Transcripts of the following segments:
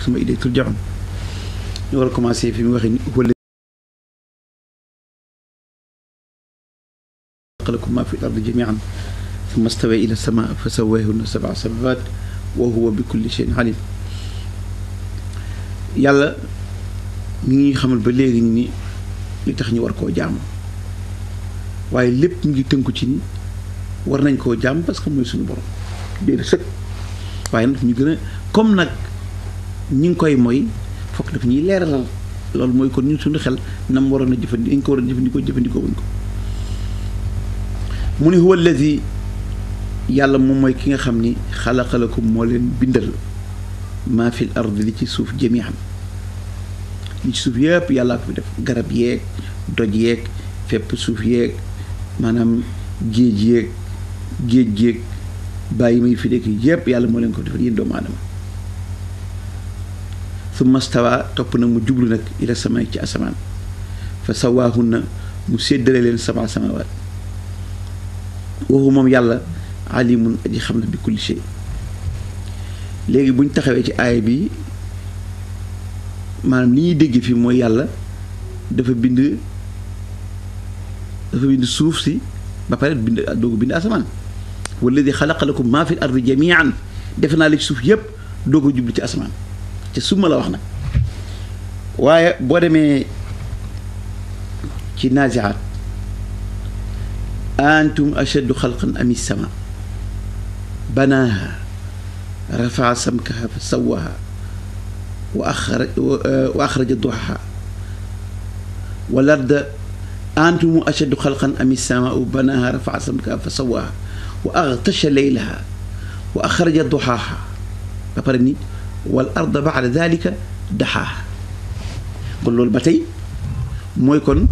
suma idée tur joxam ñu war commencé fi mu waxee ni wala xalakum ma fi ardi jamian summa stawa ila sama fa sawahunna sabaa samawaat wa ngi xamal ba léegi ni tax ñu war koo jaamu waaye lépp mu ngi tënku ci ni war nañ koo jaam parce que mooy suñu borom déedéet sëg waaye nag ñu gën comme nag ñu ngi koy moy fokk daf ñuy leeralal loolu mooy kon ñu suñu xel nam waroon a jëfandikoo dañ ko waroon a jëfandikoo jëfandikoo wuñ ko mu ne huwa allazi yàlla moom mooy ki nga xam ni xalaqa lakum moo leen bindal maa fil ard li ci suuf jamian li ci suuf yëpp yàllaa ko fi def garab yeeg doj yéeg fépp suuf yeeg maanaam géej yeeg géej yeeg bàyyi may fi nekk yëpp yàlla moo leen ko defal yéen doomu aadama summa topp na mu jublu nag ila samay ci asamaan fa na mu séddale leen sama samawaat waxu moom yàlla alimun aji xam na bi kulli shay léegi bu taxawee ci aaya bi maanaam li ñuy dégg fi mooy yàlla dafa bind bind suuf si ba pare bind doogu bind asamaan walladi xalaqa lakum ko fi l ardi jamian defe naa la suuf yépp doog a jublu ci asamaan ci summa la wax nag waaye boo demee ci naaziaat antum ashaddu xalqan ami sama banaaha rafaa samkaha fa sawaha wa axra wa axraja duhaha wa larda antum ashaddu xalqan ami sama banaaha rafaa samkaha fa sawaha wa axtasha leylaha wa axraja duhaha ba pare ni wal arda ba'da dhalika daxaaha kon loolu ba tey mooy kon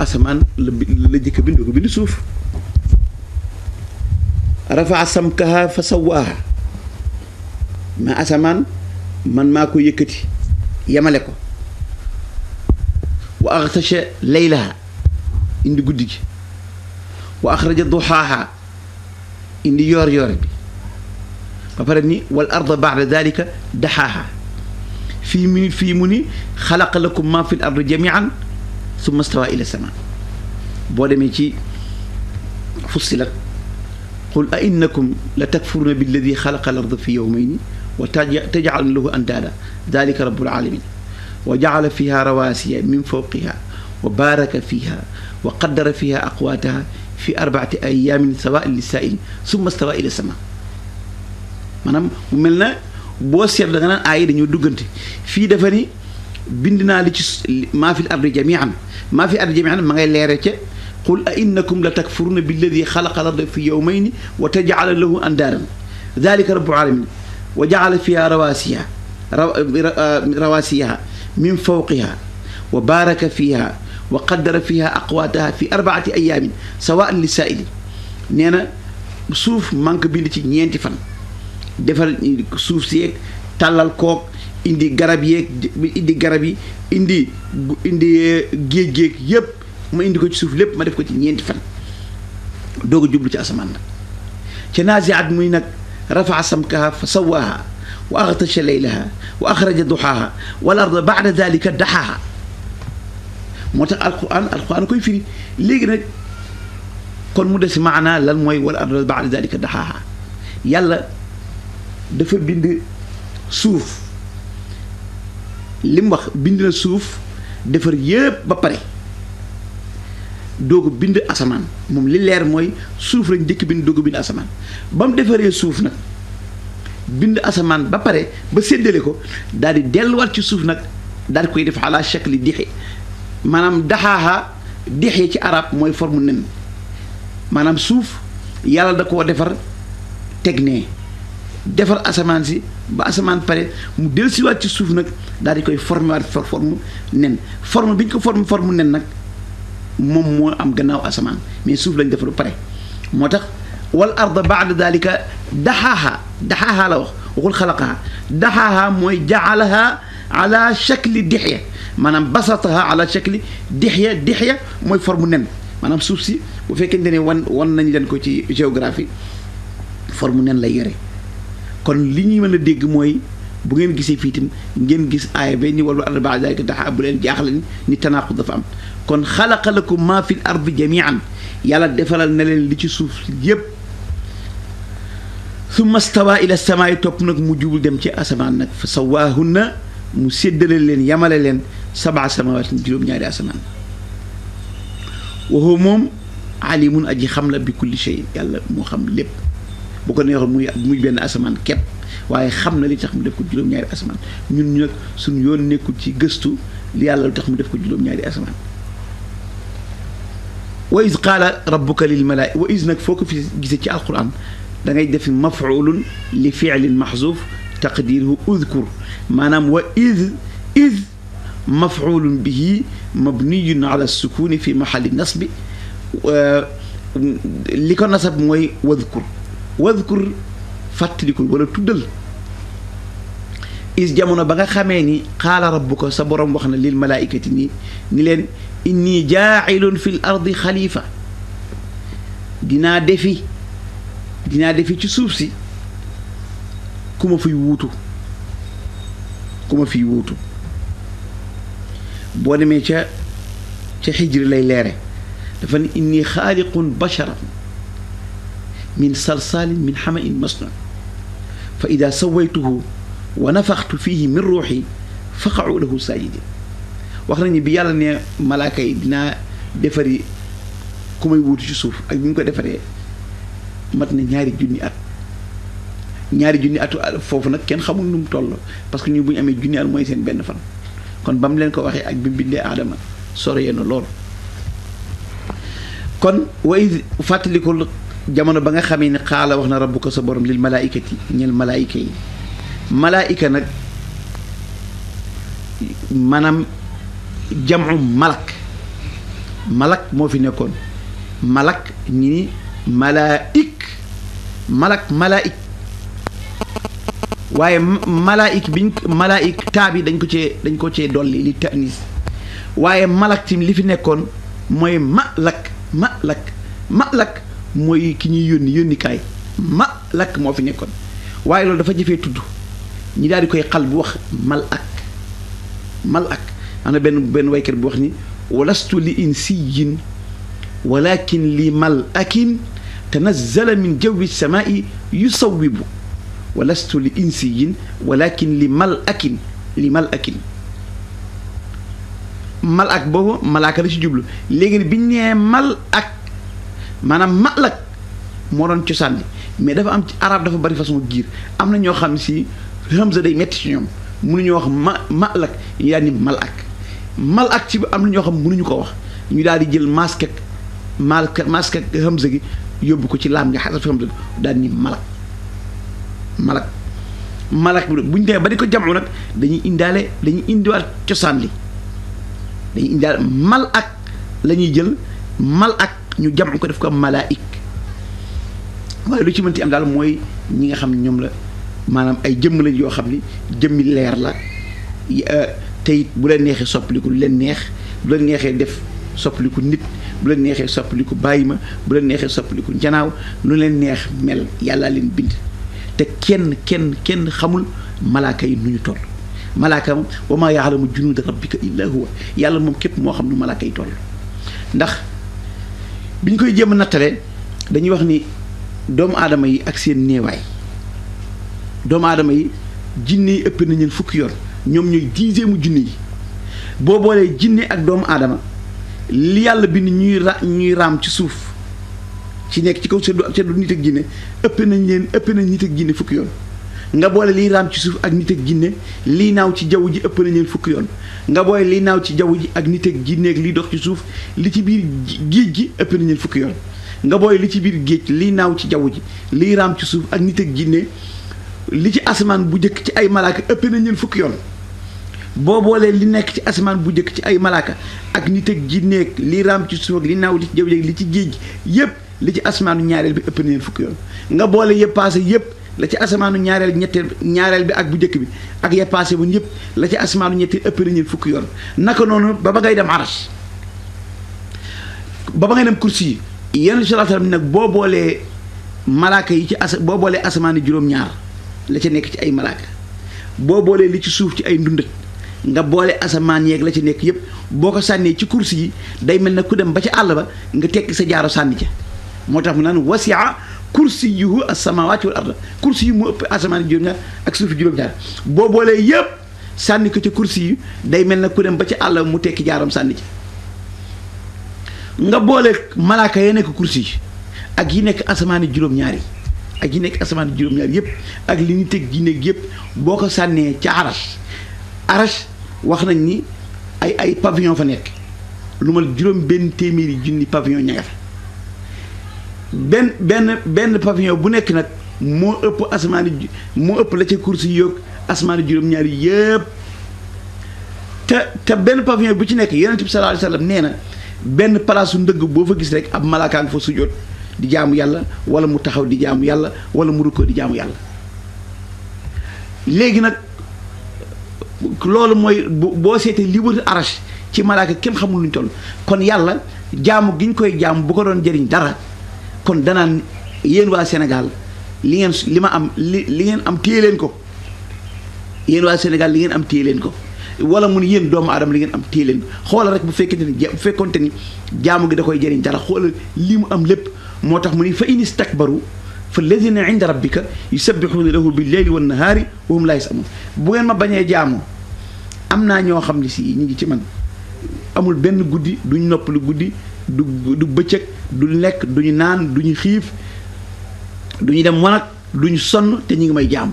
asamaan la la jëkk bind ko bind suuf rafaa samkaha fa sawaaha ma asamaan man maa ko yëkkati yemale ko wa axtasha laylaha indi guddi gi wa axraja duxaaha indi yoor yoore bi ba pare ni wal arda ba'da dalika daxaaha fii mu ni fii mu ni xalaqa lakum ma fi l ardi jamian summa stawa ila sama boo demee ci fussilat qul a innakum la takfuruna billadi xalaqa al arda fi yawmayni wa tajcaluna lahu andaada dalika rabbul alamin wa jacala fiha rawaasiya min fawqiha wa baaraka fiha wa qaddara fiha aqwaataha fi arbaati ayaamin sawaa lisaaili summa stawa ila sama maanaam mu mel na boo seet da naan aay dañoo duggante fii dafa bind naa li ci maa fi ardi jamian maa ma ngay leere ca qul a innakum la takfuruna billadi xalaqa larda fi yawmayni wa tajala lahu andaaran dalika rabbul alamin wa jaala fiha rawasiha rawasiha min fawqiha wa baaraka fiha wa qaddara fiha aqwaataha fi arbaati ayaamin sawaan li saaili nee na suuf manque bind ci ñeenti fan defar suuf si yeeg tàllal koog indi garab yeeg indi garab yi indi indi eh, géej géej yépp ma indi ko ci suuf lépp ma def ko ci ñeenti fan doog a jublu ci asamaan nag ca naasiat muy nag rafaa samkaha fa sawaaha wa axtasha laylaha wa axraja duxaaha wal arda baada dalika daxaaha moo tax alquran alquran koy firi léegi nag kon mu des maanaa lan mooy wal arda baada dalika daxaaha yàlla dafa bind suuf li wax bind na suuf defar yépp ba pare doog bind asamaan moom li leer mooy suuf lañ njëkk bind doog bind asamaan ba mu defaree suuf nag bind asamaan ba pare ba séddale ko daal di delluwaat ci suuf nag daal koy def ala shakli dixi maanaam daxaaxa dixee ci arab mooy formu nen maanaam suuf yàlla da koo defar teg nee defar asamaan si ba asamaan pare mu dellusiwaat ci suuf nag daal di koy formé waat forme nen forme bi ñu ko forme forme nen nag moom moo am gannaaw asamaan mais suuf lañ defar ba pare moo tax wal arda baada dalika daxaaha daxaaha la wax waxul xalaqaha daxaaha mooy jaalaha ala shakli dixya maanaam basataha ala shakli dixya dixya mooy forme nen maanaam suuf si bu fekkente ne wan wan nañ leen ko ci géographie forme nen lay yore kon li ñuy mën a dégg mooy bu ngeen gisee fii ngeen gis aaya ba ni wal ba ba'da zaalika dahaahaa bu leen jaaxle ni tanaaqud dafa am kon xalaqa lakum maa fil ardi jamii'an yàlla defaral na leen li ci suuf yépp summa stawaa ila samaa'i topp nag mu jubul dem ci asamaan nag fa sawaahunna mu seddale leen yamale leen sab'a samaawatin juróom-ñaari asamaan wa moom aji xam la bi kulli shay yàlla moo xam lépp bu ko neexoon muy muy benn asamaan képp waaye xam na li tax mu def ko juróom-ñaari asamaan ñun ñu nag suñu yoon nekkul ci gëstu li yàlla lu tax mu def ko juróom-ñaari asamaan wa is qaala rabbuka lil malaa'ika wa is nag foo ko fi gisee ci alquran da ngay def maf'ulun li fi'lin mahzuuf taqdiruhu udkur maanaam wa is is maf'ulun bihi mabniyun ala sukuni fi maxalli nasbi li ko nasab mooy wadkur wadkur fàttalikul wala tuddal is jamono ba nga xamee ni xaala rabbuka sa borom wax na lil malaaykati nii ni leen inni jaailun fil ardi xalifa dinaa defi dinaa defi ci suuf si ku ma fiy wuutu ku ma fiy wuutu boo demee ca ca xijri lay leere dafa ne inni xaaliqun basharan min salsalin min xamain masnun fa ida sawaytuhu wa nafaxtu fihi min ruuxi faqacu lahu saajidin wax nañu bi yàlla ne malaaka yi dinaa defari ku may wuutu ci suuf ak bi ñu ko defaree mat na ñaari junni at ñaari junni atu foofu nag kenn xamul nu mu toll parce que ñu bu ñu amee junni at mooy seen benn fan kon ba mu leen ko waxee ak bi mu bindee aadama soree na loolu kon way fàttalikul jamono ba nga xam xamee ni xaala wax na rabbuka sa borom lil malaaykati ñeel malaayka yi malaayka nag maanaam jamu malak malak moo fi nekkoon malak ñi ni malaayik malak malaayik waaye malaayik bi dañ ko cee dañ ko cee dolli li tanis waaye malak tim li fi nekkoon mooy malak malak malak mooy ki ñuy yónni yónni ma lakk moo fi nekkoon waaye loolu dafa jëfee tudd ñi daal di koy xal bu wax mal ak mal ak am na benn benn waykat bu wax ni walastu li insiyin walakin li mal akin tanazzala min jawi samaai yusawibu walastu li insiyin walakin li mal akin li mal akin mal ak boobu malaaka la ci jublu léegi biñ nee mal ak maanaam malak moo doon cosaan bi mais dafa am ci arab dafa bari façon giir am na ñoo xam si hamza day metti ci ñoom mënuñu wax ma malak yaa ni malak malak ci am na ñoo mënuñu ko wax ñu daal di jël masque ak malak masque ak yóbbu ko ci laam nga xasaf hamza daal ni malak malak malak bu buñ demee ba di ko jamu nag dañuy indaale dañuy indiwaat cosaan li dañuy indaale malak la jël malak ñu jam ko def ko malaik waaye lu ci mënti am daal mooy ñi nga xam ñoom la maanaam ay jëmm lañ yoo xam ni jëmmi leer la te it bu la neexee soppaliku lu leen neex bu la neexee def soppaliku nit bu la neexee soppaliku bàyyi ma bu la neexee soppaliku njanaaw lu leen neex mel yàlla leen bind te kenn kenn kenn xamul malaaka yi nu ñu toll malaaka moom wa maa yaalamu junuuda rabbika illaa huwa yàlla moom képp moo xam lu malaaka yi toll ndax bi ñu koy jéem a dañuy wax ni doomu aadama yi ak seen néewaay doomu aadama yi jinne yi ëpp nañ leen fukki yoon ñoom ñooy dixième junne yi boo boolee jinne ak doomu aadama li yàlla bi bind ñuy ra ñuy raam ci suuf ci nekk ci kaw seddu seddu nit ak jinne ëpp nañ leen ëpp nañ nit ak fukki yoon nga boole liy raam ci suuf ak nit ak jinne lii naaw ci jaww ji ëpp nañeen fukki yoon nga boole li naaw ci jaww ji ak nit ak jinne ak liy dox ci suuf li ci biir géej gi ëpp na fukki yoon nga boole li ci biir géej liy naaw ci jaww ji liy raam ci suuf ak nit ak li ci asamaan bu njëkk ci ay malaaka ëpp na ñeen fukki yoon boo boolee li nekk ci asamaan bu njëkk ci ay malaaka ak nit ak jinne ak li raam ci suuf ak li naaw li ci jaww ji li ci géej gi yépp li ci asamaanu ñaareel bi ëpp na fukki yoon nga boole yëpp passé yépp la ci asamaanu ñaareel ñetteel ñaareel bi ak bu njëkk bi ak ya passé woon yëpp la ci asamaanu ñetteel ëpp nañu fukki yoon naka noonu ba ba ngay dem aras ba ba ngay dem kursi yi yenn sallallahu alayhi wasallam nag boo boolee malaaka yi ci as boo boolee asamaani juróom-ñaar la ci nekk ci ay malaaka boo boolee li ci suuf ci ay ndundat nga boole asamaan yeeg la ci nekk yëpp boo ko sànnee ci kursi yi day mel na ku dem ba ci àll ba nga tekki sa jaaro sànni ca moo tax mu naan kursiyuhu as-samaawaati wal ard kursi yu mu ëpp asamaan juróom-ñaar ak suuf juróom-ñaar boo boolee yëpp sànni ko ci kursi yu day mel na ku dem ba ci àll mu tekki jaaram sànni ci nga boole malaaka ya nekk kursi yi ak yi nekk asamaani juróom-ñaar yi ak yi nekk asamaani juróom-ñaar yëpp ak li ñu teg ji nekk yëpp boo ko sànnee ca aras aras wax nañ ni ay ay pavillon fa nekk lu ma juróom benn téeméeri junni pavillon ña benn benn benn pavillon bu nekk nag moo ëpp asmaani moo ëpp la ca course yi yokk asmaani juróom-ñaari yëpp te te benn pavillon bu ci nekk yonent bi sallallahu alayhi wa nee na benn palaasu ndëgg boo fa gis rek ab malaaka nga fa sujjóot di jaamu yàlla wala mu taxaw di jaamu yàlla wala mu di jaamu yàlla léegi nag loolu mooy boo seetee li wër arache ci malaaka kenn xamul luñ toll kon yàlla jaamu gi ñu koy jaamu bu ko doon jëriñ dara kon danaan yéen waa Sénégal li ngeen li ma am li li ngeen am téye leen ko yéen waa Sénégal li ngeen am téye leen ko wala mun yéen doomu aadama li ngeen am téye leen ko xoolal rek bu fekkente ni bu fekkonte ni jaamu gi da koy jëriñ dara xoolal li mu am lépp moo tax mu ni fa in istakbaru fa lazina inda rabbika yusabbihuna lahu bil layli wan nahaari wa hum laa yasamun bu ngeen ma bañee jaamu am naa ñoo xam ne si ñu ngi ci man amul benn guddi duñ noppalu guddi du du bëccëg du lekk duñu naan duñu xiif duñu dem wanag duñu sonn te ñu ngi may jaamu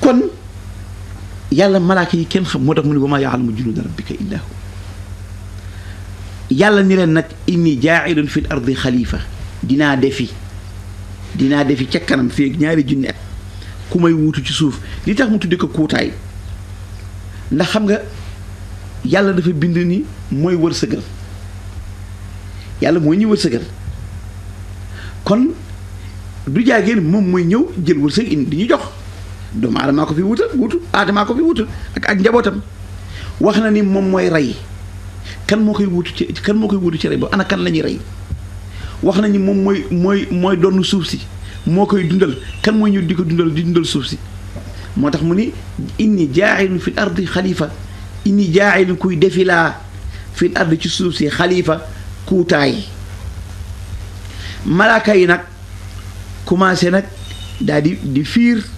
kon yàlla malaaka yi kenn xam moo tax mu ne wa maa yaalamu junuuda rabbika illaa hu yàlla ni leen nag inni jaailun fil ardi xalifa dinaa defi dinaa defi ca kanam fi ak ñaari junni at ku may wuutu ci suuf li tax mu tudde ko kuutaay ndax xam nga yàlla dafa bind ni mooy wërsëgal yàlla mooy ñuy wërsëgal kon du jaageen moom mooy ñëw jël wërsëg indi di ñu jox doomu aadamaa ko fi wutal wutu aadamaa ko fi wutal ak ak njabootam wax na ni moom mooy rey kan moo koy wutu ci moo koy wutu ci rey ba ana kan la ñuy rey wax na ni mooy mooy donn suuf si moo koy dundal kan mooy ñëw di ko dundal di dundal suuf si moo tax mu ni indi jaa'ilu fil ardi xalifa inni jaa'ilin kuy defilaa fil ard ci suuf si xalifa kuutaay malaaka yi nag commencé nag daal di di fiir